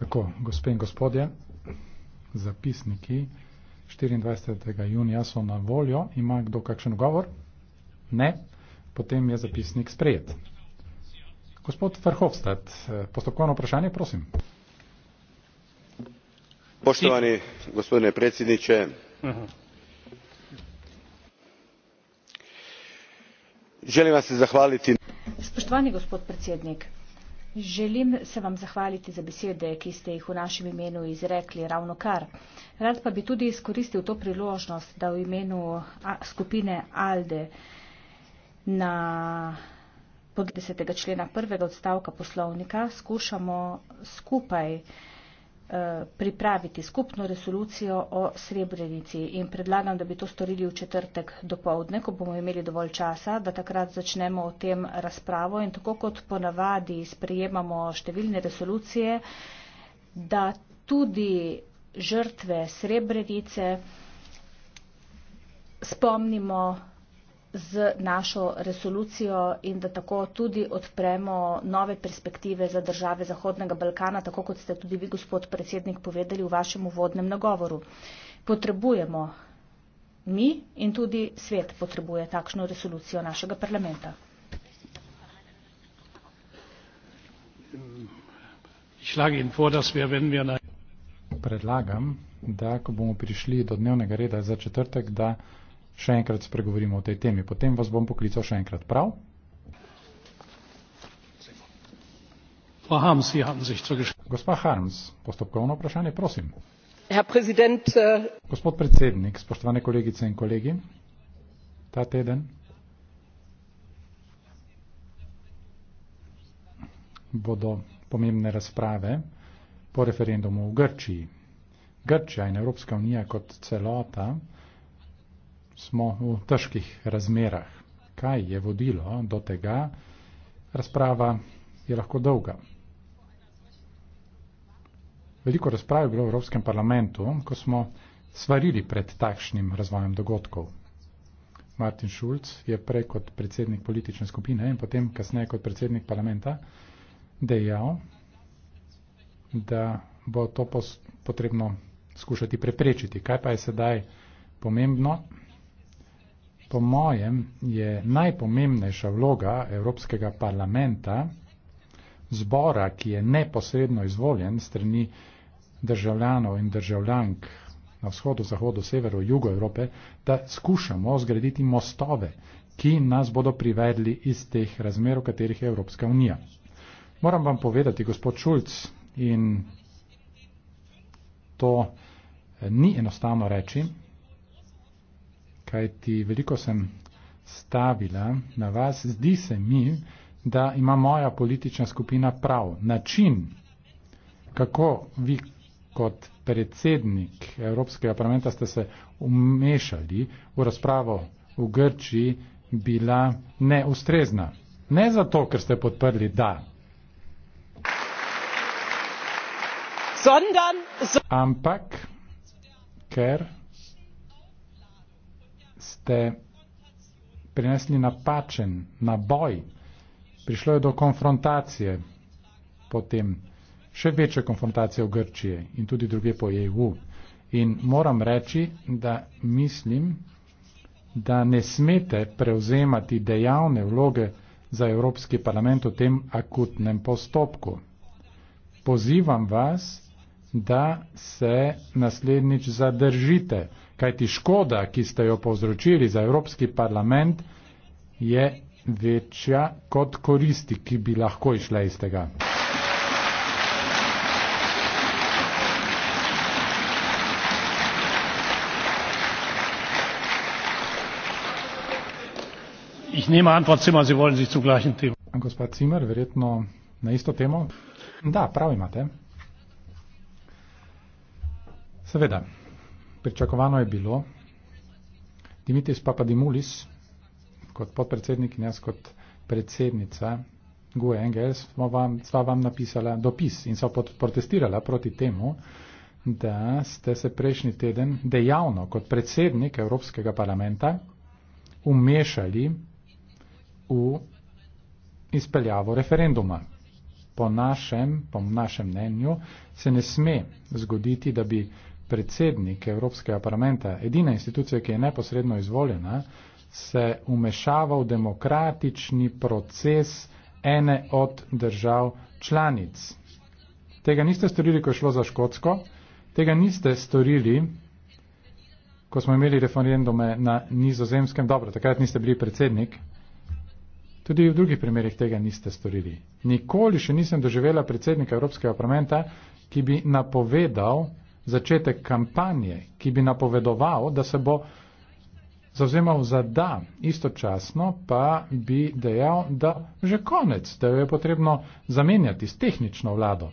Tako, gospe in gospodje, zapisniki 24. junija so na voljo. Ima kdo kakšen govor? Ne. Potem je zapisnik sprejet. Gospod Verhofstadt, eh, postopkovno vprašanje, prosim. Poštovani gospodine predsjedniče, uh mhm. -huh. želim vam se zahvaliti. Spoštovani gospod predsjednik, Želim se vam zahvaliti za besede, ki ste jih v našem imenu izrekli ravno kar. Rad pa bi tudi izkoristil to priložnost, da v imenu skupine ALDE na podlesetega člena prvega odstavka poslovnika skušamo skupaj Eh, pripraviti skupno resolucijo o Srebrenici in predlagam, da bi to storili v četrtek dopoledne, ko bomo imeli dovolj časa, da takrat začnemo o tem razpravo in tako kot ponavadi sprejemamo številne resolucije, da tudi žrtve Srebrenice spomnimo z našo resolucijo in da tako tudi odpremo nove perspektive za države Zahodnega Balkana, tako kot ste tudi vi, gospod predsednik, povedali v vašem uvodnem nagovoru. Potrebujemo mi in tudi svet potrebuje takšno resolucijo našega parlamenta. Predlagam, da ko bomo prišli do dnevnega reda za četrtek, da še enkrat spregovorimo o tej temi. Potem vas bom poklical še enkrat. Prav? Gospa Harms, postopkovno vprašanje, prosim. Äh, Gospod predsednik, spoštovane kolegice in kolegi, ta teden bodo pomembne razprave po referendumu v Grčiji. Grčija in Evropska unija kot celota smo v težkih razmerah. Kaj je vodilo do tega? Razprava je lahko dolga. Veliko razprav je bilo v Evropskem parlamentu, ko smo svarili pred takšnim razvojem dogodkov. Martin Schulz je prej kot predsednik politične skupine in potem kasneje kot predsednik parlamenta dejal, da bo to potrebno skušati preprečiti. Kaj pa je sedaj pomembno? Po mojem je najpomembnejša vloga Evropskega parlamenta, zbora, ki je neposredno izvoljen strani državljanov in državljank na vzhodu, zahodu, severu, jugu Evrope, da skušamo zgraditi mostove, ki nas bodo privedli iz teh razmer, v katerih je Evropska unija. Moram vam povedati, gospod Šulc, in to eh, ni enostavno reči, kaj ti veliko sem stavila na vas, zdi se mi, da ima moja politična skupina prav. Način, kako vi kot predsednik Evropskega parlamenta ste se umešali v razpravo v Grčiji, bila neustrezna. Ne zato, ker ste podprli da. Sondern, so Ampak, ker ste prinesli napačen naboj, prišlo je do konfrontacije, potem še večje konfrontacije v Grčiji in tudi druge po EU. In moram reči, da mislim, da ne smete prevzemati dejavne vloge za Evropski parlament v tem akutnem postopku. Pozivam vas, da se naslednjič zadržite kajti škoda, ki ste jo povzročili za Evropski parlament, je večja kot koristi, ki bi lahko išle iz tega. Ich nehme Antwort Zimmer, Sie wollen sich zum gleichen Thema. Gospod Zimmer, verjetno na isto temo. Da, prav imate. Seveda. Pričakovano je bilo, Dimitris Papadimulis, kot podpredsednik in jaz kot predsednica GUE NGS, vam, sva vam napisala dopis in sva protestirala proti temu, da ste se prejšnji teden dejavno kot predsednik Evropskega parlamenta umešali v izpeljavo referenduma. Po našem, po našem mnenju se ne sme zgoditi, da bi predsednik Evropskega parlamenta, edina institucija, ki je neposredno izvoljena, se umešava v demokratični proces ene od držav članic. Tega niste storili, ko je šlo za Škotsko, tega niste storili, ko smo imeli referendume na nizozemskem, dobro, takrat niste bili predsednik, tudi v drugih primerjih tega niste storili. Nikoli še nisem doživela predsednika Evropskega parlamenta, ki bi napovedal, začetek kampanje, ki bi napovedoval, da se bo zauzemal za da, istočasno pa bi dejal, da že konec, da jo je potrebno zamenjati s tehnično vlado.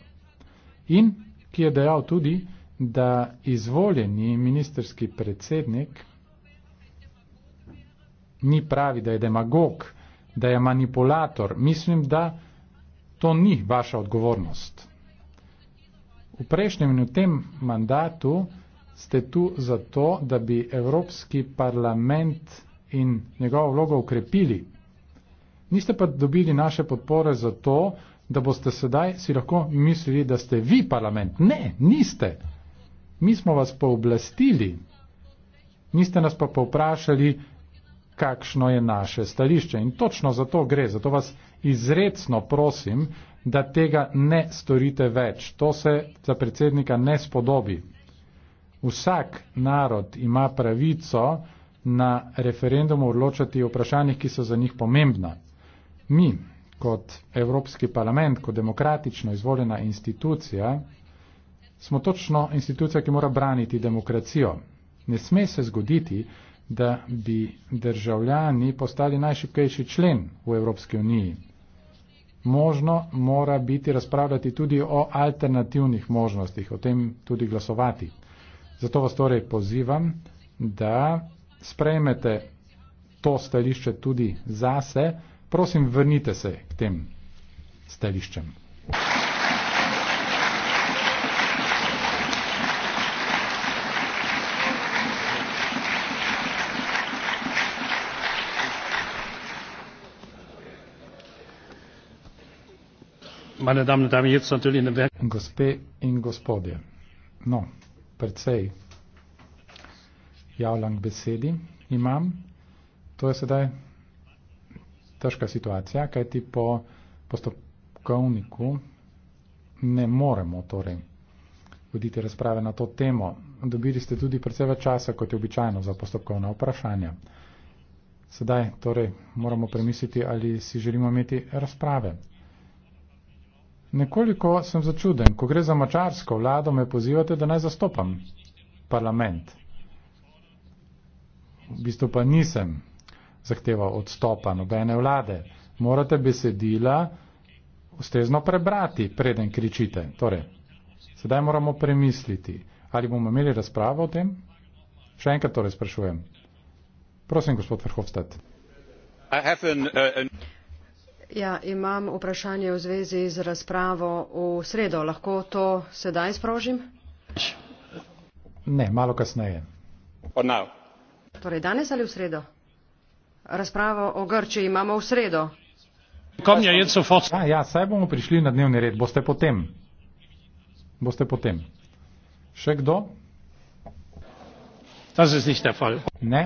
In ki je dejal tudi, da izvoljeni ministerski predsednik ni pravi, da je demagog, da je manipulator. Mislim, da to ni vaša odgovornost. V prejšnjem in v tem mandatu ste tu zato, da bi Evropski parlament in njegovo vlogo ukrepili. Niste pa dobili naše podpore zato, da boste sedaj si lahko mislili, da ste vi parlament. Ne, niste. Mi smo vas pooblastili. Niste nas pa povprašali, kakšno je naše stališče. In točno za to gre. Zato vas izredno prosim, da tega ne storite več. To se za predsednika ne spodobi. Vsak narod ima pravico na referendumu odločati o vprašanjih, ki so za njih pomembna. Mi, kot Evropski parlament, kot demokratično izvoljena institucija, smo točno institucija, ki mora braniti demokracijo. Ne sme se zgoditi, da bi državljani postali najšipkejši člen v Evropski uniji možno, mora biti razpravljati tudi o alternativnih možnostih, o tem tudi glasovati. Zato vas torej pozivam, da sprejmete to stališče tudi zase. Prosim, vrnite se k tem stališčem. Gospe in gospodje, no, predvsej javljam k besedi imam. To je sedaj težka situacija, kajti po postopkovniku ne moremo torej voditi razprave na to temo. Dobili ste tudi predvsej več časa, kot je običajno za postopkovna vprašanja. Sedaj torej moramo premisliti, ali si želimo imeti razprave Nekoliko sem začuden, ko gre za mačarsko vlado, me pozivate, da naj zastopam parlament. V bistvu pa nisem zahteval odstopa nobene vlade. Morate besedila ustrezno prebrati, preden kričite. Torej, sedaj moramo premisliti, ali bomo imeli razpravo o tem? Še enkrat torej sprašujem. Prosim, gospod Verhofstadt. Ja, imam vprašanje v zvezi z razpravo v sredo. Lahko to sedaj sprožim? Ne, malo kasneje. Torej danes ali v sredo? Razpravo o Grčiji imamo v sredo. Ja, ja, saj bomo prišli na dnevni red. Boste potem. Boste potem. Še kdo? Ne,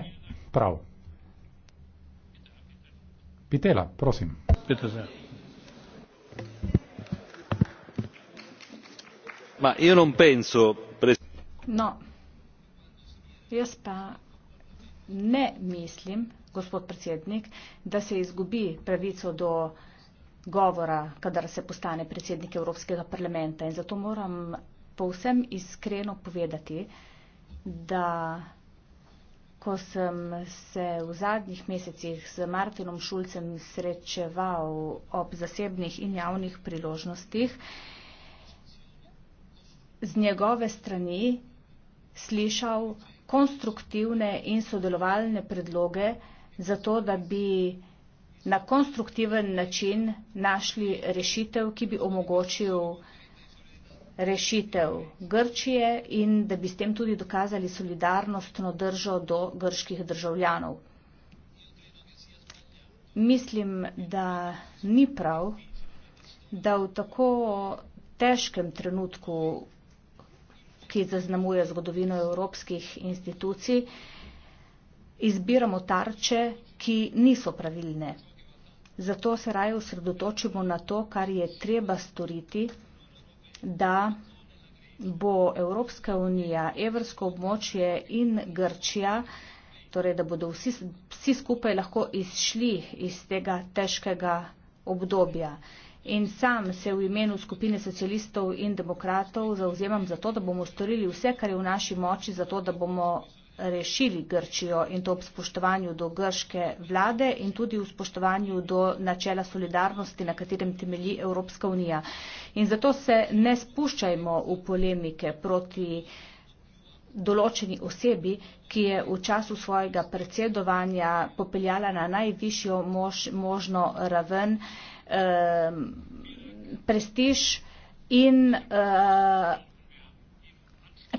prav. Pitela, prosim ma io non penso no jaz pa ne mislim gospod predsednik da se izgubi pravico do govora kadar se postane predsednik evropskega parlamenta in zato moram povsem iskreno povedati da ko sem se v zadnjih mesecih z Martinom Šulcem srečeval ob zasebnih in javnih priložnostih, z njegove strani slišal konstruktivne in sodelovalne predloge za to, da bi na konstruktiven način našli rešitev, ki bi omogočil rešitev Grčije in da bi s tem tudi dokazali solidarnostno držo do grških državljanov. Mislim, da ni prav, da v tako težkem trenutku, ki zaznamuje zgodovino evropskih institucij, izbiramo tarče, ki niso pravilne. Zato se raje osredotočimo na to, kar je treba storiti da bo Evropska unija, evrsko območje in Grčija, torej da bodo vsi, vsi skupaj lahko izšli iz tega težkega obdobja. In sam se v imenu skupine socialistov in demokratov zauzemam za to, da bomo storili vse, kar je v naši moči, za to, da bomo rešili Grčijo in to ob spoštovanju do grške vlade in tudi v spoštovanju do načela solidarnosti, na katerem temelji Evropska unija. In zato se ne spuščajmo v polemike proti določeni osebi, ki je v času svojega predsedovanja popeljala na najvišjo mož, možno raven eh, prestiž in eh,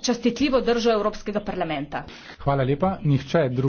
častitljivo držo Evropskega parlamenta. Hvala lepa. Nihče drug.